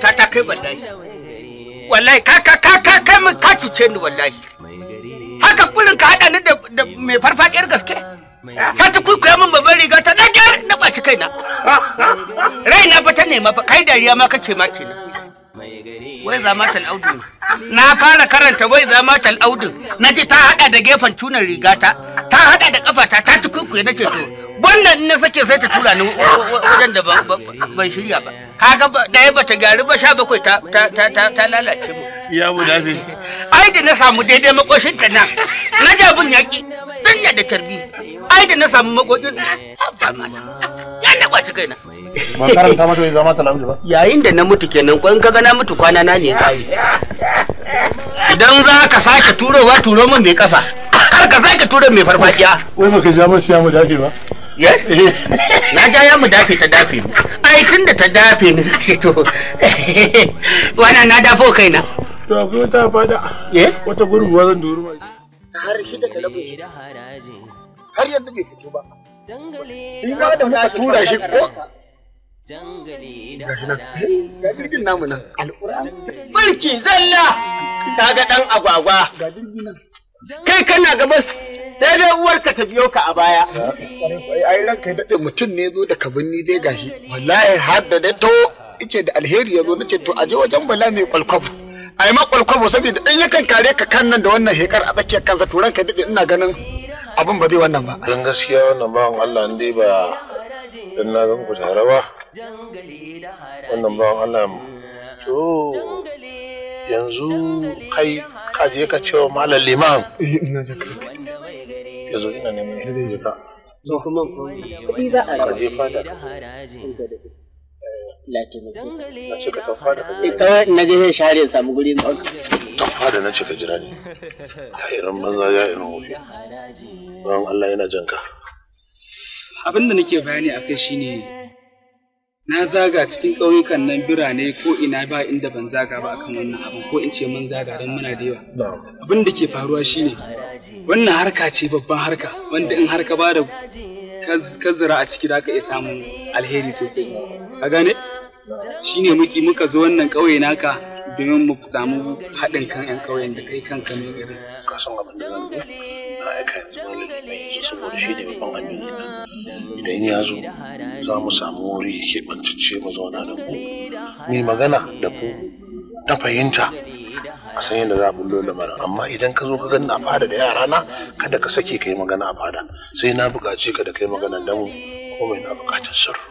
cuta ta kai wallahi wallahi ka ka ka ka kai min ka cuce ni wallahi haka kurin ka hada ni da mai farfadiyar gaske ka ta kuikuya min babban riga ta dagar na ɓaci kaina raina fa ta nema fa kai dariya ma kake ma kenan wai za ma tal'audin na fara karanta wai za ma tal'audin na ji ta hada da gefen tunan rigata ta hada da kafata ta ta tukukuye na ce to wannan in na sake sai ta tura ni wajen da ban shirya ba kaga ya bata gari ba sha bakwai ta lalace mu ya mu zai ai da na samu daidai makoshin ta nan na jabin yaki danya da tarbi ai da na samu makokin ya na kwaci kaina ba karanta mata wai zama talamu ba yayin da na mutu kenan ko in kaga na mutu kwana na ne kai idan za ka sake turowa turo min mai kafa kar ka sake turo mai farfakiya wai baka ji amince ya mu dace ba Eh? na ja ya mu dafe ta dafe mu ai tun da ta dafe mu shi to wannan na dafo kaina to akwai ta fada eh wata gurin ruwa zan duru ma har shi da haraje har yanzu bai fito ba ni ba da wata tura shi ko ga jirgin namu nan mulki zalla kaga dan agwagwa ga dan nan kai kana gaba sai dai uwarka ta biyo ka a baya. Ai ranka daɗe mutum ne zo da kabinni dai gashi. Wallahi har da dai to ice da alheri ya zo nace to aje wajen bala mai kwalkwabo. Ai ma kwalkwabo saboda in yakan kare ka kan nan da wannan hekar a tsakiyar kansa to ranka daɗe ina ganin abin ba zai wannan ba. Don gaskiya wannan bawan Allah ne dai ba dan na gan ku tare ba. Wannan bawan Allah to yanzu kai kaje ka cewa malam liman. Eh ina jaka. ya zo ina neman shi zai jika kuma kuɗi za a eh, fada na ce ka da kuɗi ita na je sai share samu guri na na ce ka jira ne tayiran banza ya ina wofi bayan Allah yana janka abin da nake bayani akai shine na zaga cikin ƙauyukan nan birane ko ina ba inda ban zaga ba akan wannan abin ko in ce mun zaga don muna da yawa abin da ke faruwa shine wannan harka ce babban harka wanda in harka ba da ka a ciki zaka iya samun alheri sosai ka gane shine muke muka zo wannan ƙauye naka domin mu samu haɗin kan 'yan ƙauyen da kai kanka ne irin. Ka san abin da zan na aika yanzu wani mai yanzu saboda shi ne babban amini idan ya zo za mu samu wuri ya keɓantacce mu zauna da ku mu magana da ku na fahimta a san yadda za a bullo lamarin amma idan ka zo ka gani a fada da yara na kada ka sake ka yi magana a fada sai na buƙace ka da kai magana da mu komai na buƙatar sirru.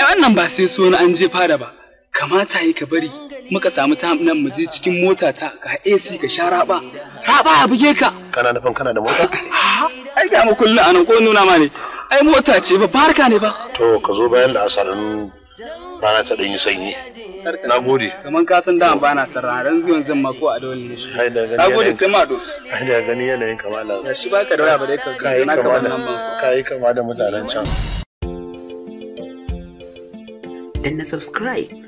ai wannan ba sai so na an je fada ba kamata yi ka bari muka samu ta nan mu je cikin mota ta ga AC ka sha raba raba a buge ka kana nufin kana da mota ai ga mu kullu anan ko nuna ma ne ai mota ce ba barka ne ba to ka zo bayan da asarin rana ta dan yi sanyi na gode kaman ka san da ba bana san dan zuwan zan mako a dole ne shi na gode sai ma do ai da gani yanayin kamala ga shi baka da waya ba dai ka ga na kamar nan ba kai kama da mutanen can dan na subscribe